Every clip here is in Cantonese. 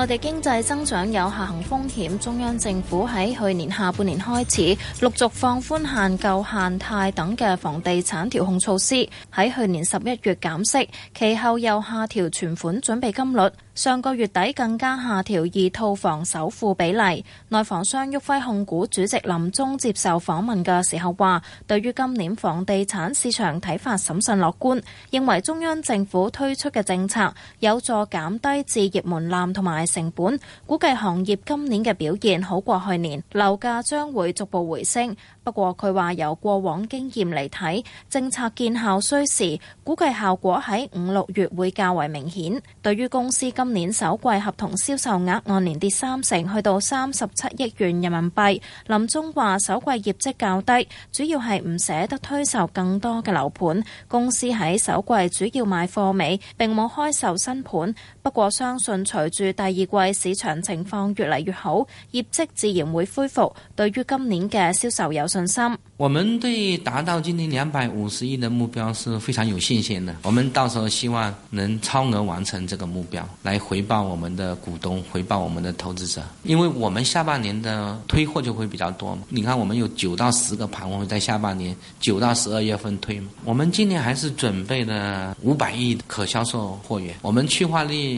內地經濟增長有下行風險，中央政府喺去年下半年開始陸續放寬限購、限貸等嘅房地產調控措施，喺去年十一月減息，其後又下調存款準備金率。上個月底更加下調二套房首付比例，內房商旭輝控股主席林中接受訪問嘅時候話，對於今年房地產市場睇法審慎樂觀，認為中央政府推出嘅政策有助減低置業門檻同埋成本，估計行業今年嘅表現好過去年，樓價將會逐步回升。不過佢話由過往經驗嚟睇，政策見效需時，估計效果喺五六月會較為明顯。對於公司今今年首季合同銷售額按年跌三成，去到三十七億元人民幣。林中話首季業績較低，主要係唔捨得推售更多嘅樓盤。公司喺首季主要賣貨尾，並冇開售新盤。不過相信隨住第二季市場情況越嚟越好，業績自然會恢復。對於今年嘅銷售有信心。我們對達到今年兩百五十億的目標是非常有信心的。我們到時候希望能超額完成這個目標，來回報我們的股東、回報我們的投資者。因為我們下半年的推貨就會比較多嘛。你看我，我們有九到十個盤，我們在下半年九到十二月份推嘛。我們今年還是準備了五百億可銷售貨源，我們去化率。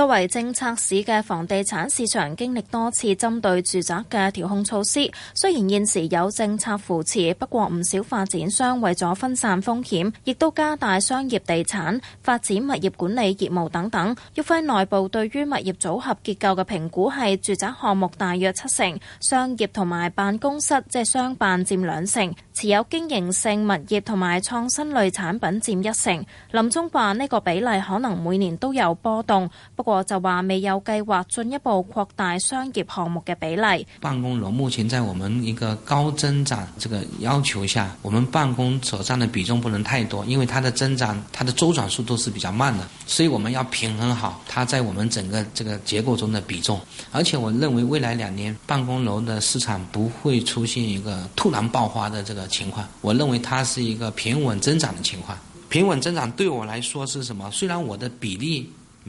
作為政策市嘅房地產市場經歷多次針對住宅嘅調控措施，雖然現時有政策扶持，不過唔少發展商為咗分散風險，亦都加大商業地產發展物業管理業務等等。旭輝內部對於物業組合結構嘅評估係住宅項目大約七成，商業同埋辦公室即係商辦佔兩成，持有經營性物業同埋創新類產品佔一成。林中話呢個比例可能每年都有波動，不過。我就話未有計劃進一步擴大商業項目嘅比例。辦公樓目前在我們一個高增長這個要求下，我們辦公所占的比重不能太多，因為它的增長、它的周轉速度是比較慢的，所以我們要平衡好它在我們整個這個結構中的比重。而且我認為未來兩年辦公樓的市場不會出現一個突然爆發的這個情況，我認為它是一個平穩增長的情況。平穩增長對我來說是什麼？雖然我的比例。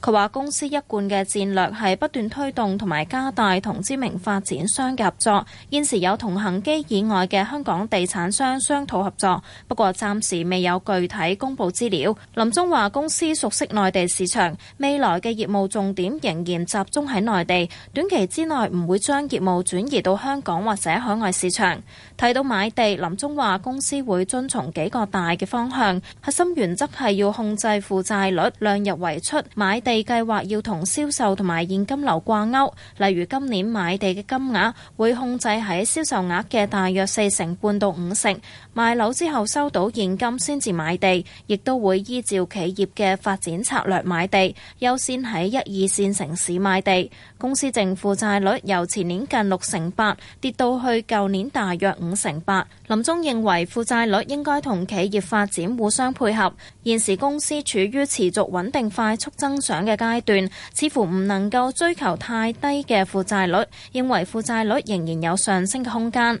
佢話公司一貫嘅戰略係不斷推動同埋加大同知名發展商嘅合作，現時有同恆基以外嘅香港地產商商討合作，不過暫時未有具體公布資料。林中話公司熟悉內地市場，未來嘅業務重點仍然集中喺內地，短期之內唔會將業務轉移到香港或者海外市場，提到買地，林中話公司會遵從幾個大嘅方向，核心原則係要控制負債率，量入為出，買地計劃要同銷售同埋現金流掛鈎，例如今年買地嘅金額會控制喺銷售額嘅大約四成半到五成，賣樓之後收到現金先至買地，亦都會依照企業嘅發展策略買地，優先喺一二線城市買地。公司淨負債率由前年近六成八跌到去舊年大約五成八。林中認為負債率應該同企業發展互相配合，現時公司處於持續穩定快速增長嘅階段，似乎唔能夠追求太低嘅負債率，認為負債率仍然有上升嘅空間。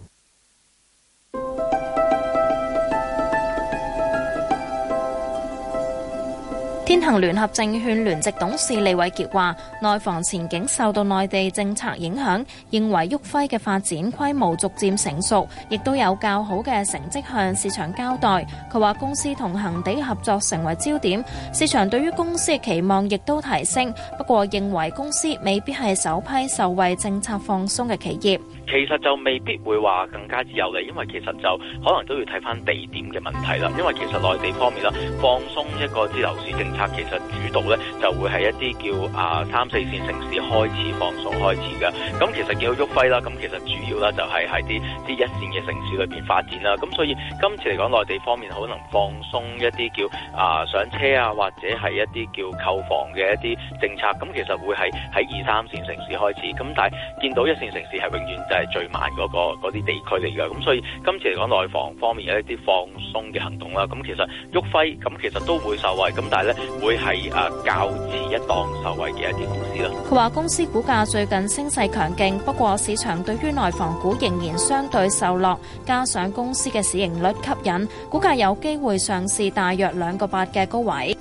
天恒聯合證券聯席董事李偉傑話，內房前景受到內地政策影響，認為旭輝嘅發展規模逐漸成熟，亦都有較好嘅成績向市場交代，佢話，公司同恒地合作成為焦點，市場對於公司嘅期望亦都提升，不過認為公司未必係首批受惠政策放鬆的企業。其實就未必會話更加自由嚟，因為其實就可能都要睇翻地點嘅問題啦。因為其實內地方面啦，放鬆一個支樓市政策，其實主導呢就會係一啲叫啊、呃、三四線城市開始放鬆開始嘅。咁、嗯、其實見到旭輝啦，咁、嗯、其實主要啦就係喺啲啲一線嘅城市裏面發展啦。咁、嗯、所以今次嚟講內地方面可能放鬆一啲叫啊、呃、上車啊或者係一啲叫購房嘅一啲政策，咁、嗯、其實會係喺二三線城市開始。咁但係見到一線城市係永遠就是，係最慢嗰個嗰啲地區嚟嘅，咁所以今次嚟講內房方面有一啲放鬆嘅行動啦。咁其實旭輝咁其實都會受惠，咁但係咧會係誒較遲一檔受惠嘅一啲公司啦。佢話公司股價最近升勢強勁，不過市場對於內房股仍然相對受落，加上公司嘅市盈率吸引，股價有機會上市大約兩個八嘅高位。